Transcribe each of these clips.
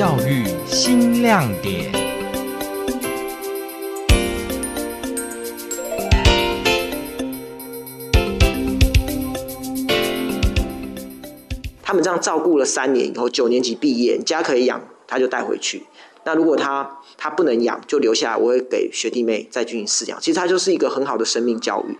教育新亮點。他們這樣照顧了三年以後，九年級畢業，家可以養他就帶回去。那如果他他不能養，就留下來，我會給學弟妹再進行飼養。其實他就是一個很好的生命教育。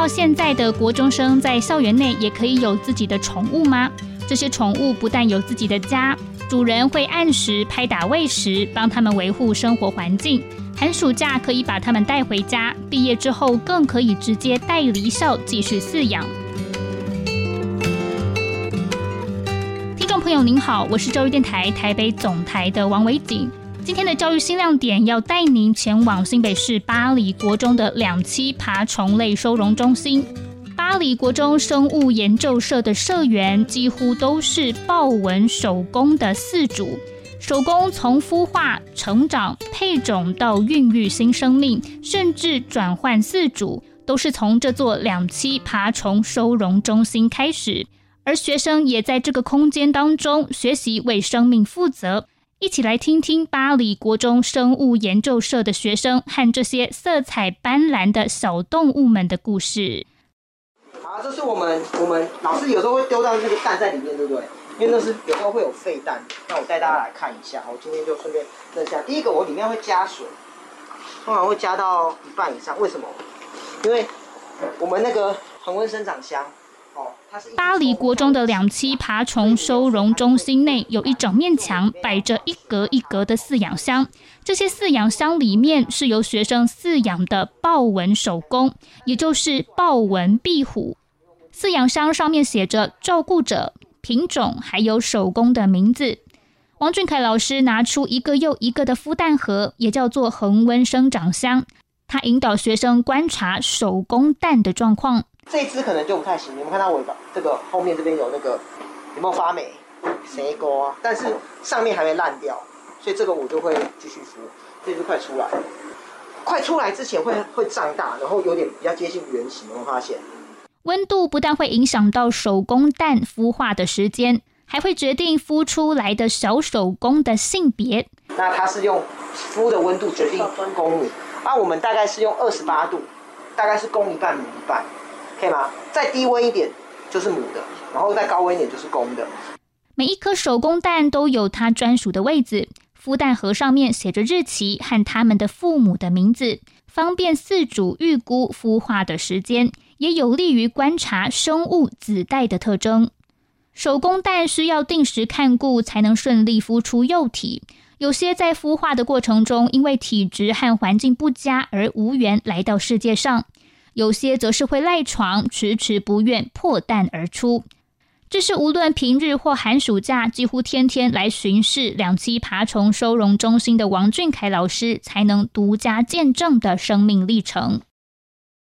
到現在的國中生在校園內也可以有自己的寵物嗎？這些寵物不但有自己的家，主人會按時拍打餵食，幫他們維護生活環境。寒暑假可以把他們帶回家，畢業之後更可以直接帶離校繼續飼養。聽眾朋友您好，我是教育電台台北總台的王維景。今天的教育新亮點要帶您前往新北市八里國中的兩棲爬蟲類收容中心。八里國中生物研究社的社員幾乎都是豹紋守宮的飼主，守宮從孵化、成長、配種到孕育新生命，甚至轉換飼主，都是從這座兩棲爬蟲收容中心開始。而學生也在這個空間當中學習為生命負責。一起來聽聽巴黎國中生物研究社的學生和這些色彩斑斕的小動物們的故事。好，啊，這是我們我們老師有時候會丟到那個蛋在裡面，對不對？因為那是有時候會有廢蛋，那我帶大家來看一下。我今天就順便問一下，第一個我裡面會加水，通常會加到一半以上，為什麼？因為我們那個恆溫生長箱。八里國中的兩棲爬蟲收容中心內有一整面牆，擺着一格一格的飼養箱，這些飼養箱裡面是由學生飼養的豹紋守宮，也就是豹紋壁虎。飼養箱上面寫着照顧者、品種、還有守宮的名字。王俊凱老師拿出一個又一個的孵蛋盒，也叫做恆溫生長箱，他引導學生觀察守宮蛋的狀況。這隻可能就不太行，你們看它尾巴這個後面這邊有那個有沒有發霉，誰鈎啊？但是上面還沒爛掉，所以這個我就會繼續孵，這隻快出來，快出來之前會會長大，然後有點比較接近圓形，有發現？溫度不但會影響到守宮蛋孵化的時間，還會決定孵出來的小守宮的性別。那它是用孵的溫度決定公母，啊，我們大概是用二十八度，大概是公一半母一半。可以嗎？再低溫一點就是母的，然後再高溫一點就是公的。每一顆手工蛋都有它專屬的位置，孵蛋盒上面寫着日期和它們的父母的名字，方便飼主預估孵，孵化的時間，也有利於觀察生物子代的特徵。手工蛋需要定時看顧，才能順利孵出幼體。有些在孵化的過程中，因為體質和環境不佳而無緣來到世界上。有些則是會賴床，遲遲不願破蛋而出。這是無論平日或寒暑假，幾乎天天來巡視兩棲爬蟲收容中心的王俊凱老師才能獨家見證的生命歷程。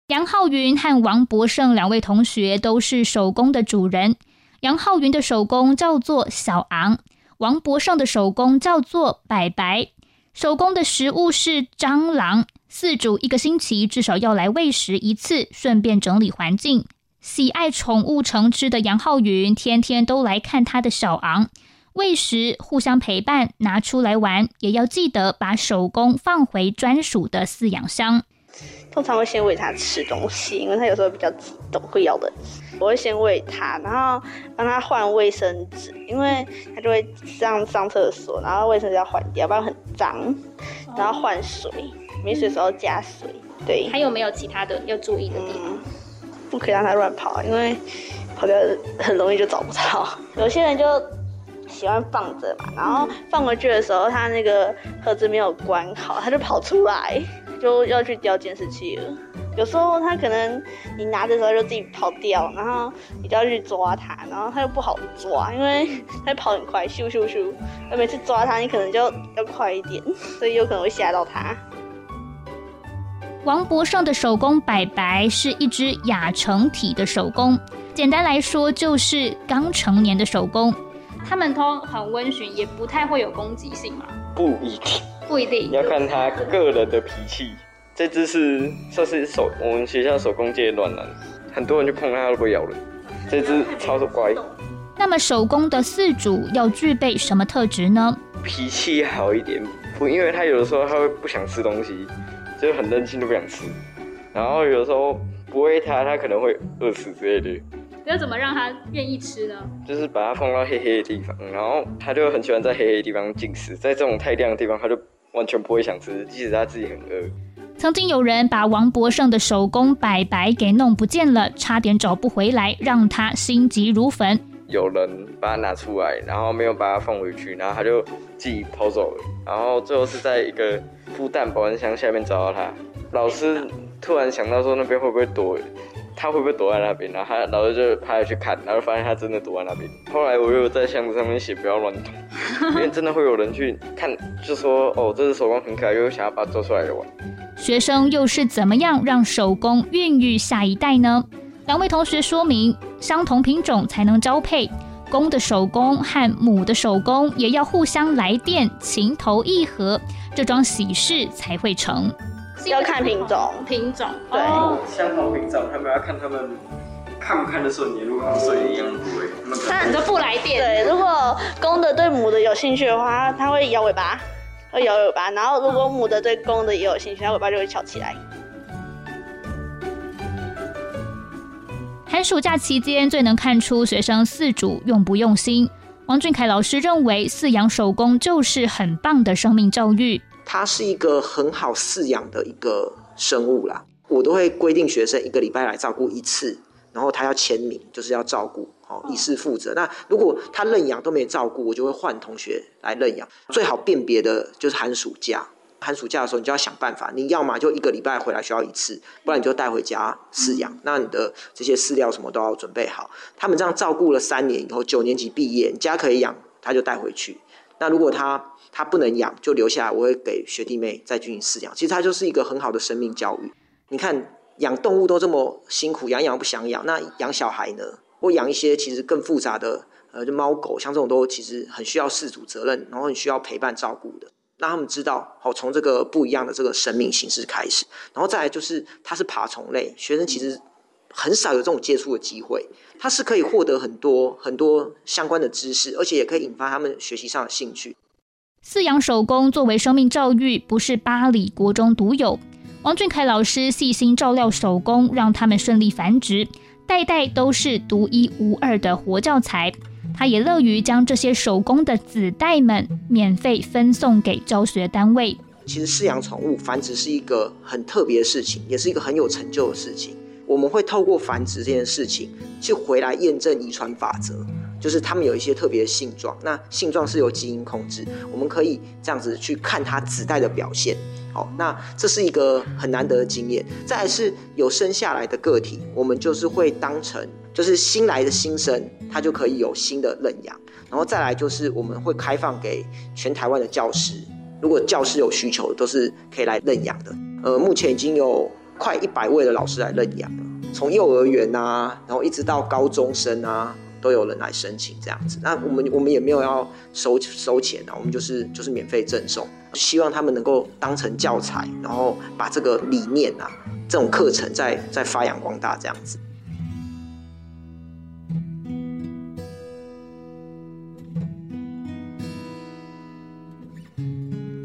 楊皓云和王柏勝兩位同學都是守宮的主人。楊皓云的守宮叫做小昂，王柏勝的守宮叫做白白。守宮的食物是蟑螂。飼主一個星期至少要來餵食一次，順便整理環境。喜愛寵物成痴的楊皓云，天天都來看他的小昂，餵食、互相陪伴、拿出來玩，也要記得把守宮放回專屬的飼養箱。通常會先餵他吃東西，因為他有時候比較激動會咬人，我會先餵他，然後幫他換衛生紙，因為他就會這樣上廁所，然後衛生紙要換掉，要不然很髒。然後換水。哦。沒水的時候加水，嗯、對。還有沒有其他的要注意的地方？不可以讓它亂跑，因為跑掉很容易就找不到。有些人就喜歡放着嘛，然後放回去的時候，他那個盒子沒有關好，他就跑出來，就要去調監視器了。有時候他可能你拿的時候就自己跑掉，然後你就要去抓他，然後他又不好抓，因為他跑很快，咻咻咻。而每次抓他，你可能就要快一點，所以有可能會嚇到他。王柏勝的守宮白白，白是一隻亞成體的守宮，簡單來說就是剛成年的守宮。他們通常很溫馴，也不太會有攻擊性嘛。不一定，不一定要看他個人的脾氣。這隻是算是手我們學校守宮界的暖男，很多人就碰他都不咬人。這隻超乖。那麼守宮的飼主要具備什麼特質呢？脾氣好一點，不因為他有的時候他會不想吃東西。就很任性都不想吃，然後有時候不餵它，它可能會餓死之類的。要怎麼讓它願意吃呢？就是把它放到黑黑的地方，然後它就很喜歡在黑黑的地方進食。在這種太亮的地方，它就完全不會想吃，即使它自己很餓。曾經有人把王柏勝的守宮擺擺給弄不見了，差點找不回來，讓他心急如焚。有人把它拿出來，然後沒有把它放回去，然後它就自己跑走了。然後最後是在一個孵蛋保溫箱下面找到它。老師突然想到說，那邊會不會躲？它會不會躲在那邊？然後他老師就派他去看，然後發現它真的躲在那邊。後來我又在箱子上面寫不要亂動， 因為真的會有人去看，就說哦，這隻守宮很可愛，又想要把它做出來玩。學生又是怎麼樣讓守宮孕育下一代呢？兩位同學說明。相同品種才能交配，公的守宮和母的守宮也要互相來電，情投意合，這樁喜事才會成。要看品種，品種對相同品種對、哦品，他們要看他們看不看的順眼、啊，一路看順眼的樣子。那都不來電。對，如果公的對母的有興趣的話，他會搖尾巴，會搖尾巴。然後如果母的對公的也有興趣，它尾巴就會翹起來。寒暑假期間最能看出學生飼主用不用心。王俊凱老師認為，飼養守宮就是很棒的生命教育。它是一個很好飼養的一個生物啦，我都會規定學生一個禮拜來照顧一次，然後他要簽名，就是要照顧哦，以示負責。哦、那如果他認養都沒照顧，我就會換同學來認養。最好辨別的就是寒暑假。寒暑假的時候，你就要想辦法，你要嘛就一個禮拜回來學校一次，不然你就帶回家飼養。那你的這些飼料什麼都要準備好。他們這樣照顧了三年以後，九年級畢業，你家可以養，他就帶回去。那如果他他不能養，就留下來，我會給學弟妹再進行飼養。其實它就是一個很好的生命教育。你看養動物都這麼辛苦，養養不想養，那養小孩呢？或養一些其實更複雜的呃就貓狗，像這種都其實很需要飼主責任，然後你需要陪伴照顧的。讓他們知道，好，從這個不一樣的這個生命形式開始，然後再來就是它是爬蟲類，學生其實很少有這種接觸的機會，它是可以獲得很多很多相關的知識，而且也可以引發他們學習上的興趣。飼養守宮作為生命教育，不是八里國中獨有。王俊凱老師細心照料守宮，讓他們順利繁殖，代代都是獨一無二的活教材。他也樂於將這些守宮的子代們免費分送給教學單位。其實飼養寵物繁殖，是一個很特別的事情，也是一個很有成就的事情。我們會透過繁殖這件事情去回來驗證遺傳法則，就是他們有一些特別的性狀。那性狀是由基因控制，我們可以這樣子去看它子代的表現。好，那這是一個很難得的經驗。再來是有生下來的個體，我們就是會當成。就是新來的新生，他就可以有新的認養，然後再來就是我們會開放給全台灣的教師，如果教師有需求的，都是可以來認養的。呃，目前已經有快一百位的老師來認養了，從幼兒園啊，然後一直到高中生啊，都有人來申請這樣子。那我們我們也沒有要收收錢啊，我們就是就是免費贈送，希望他們能夠當成教材，然後把這個理念啊，這種課程再再發揚光大這樣子。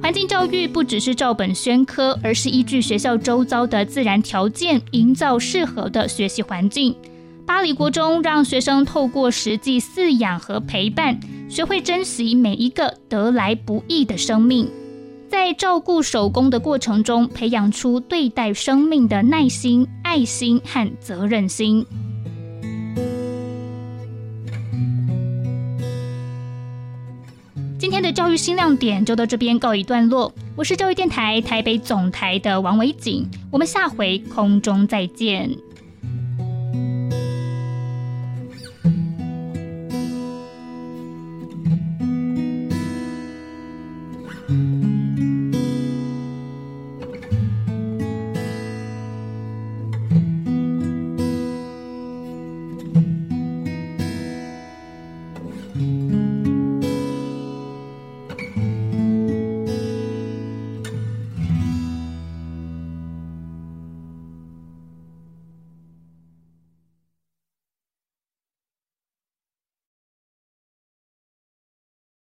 環境教育不只是照本宣科，而是依據學校周遭的自然條件，營造適合的學習環境。八里國中讓學生透過實際飼養和陪伴，學會珍惜每一個得來不易的生命，在照顧守宮的過程中，培養出對待生命的耐心、愛心和責任心。今天的教育新亮點就到這邊告一段落。我是教育電臺台北總台的王維景，我們下回空中再見。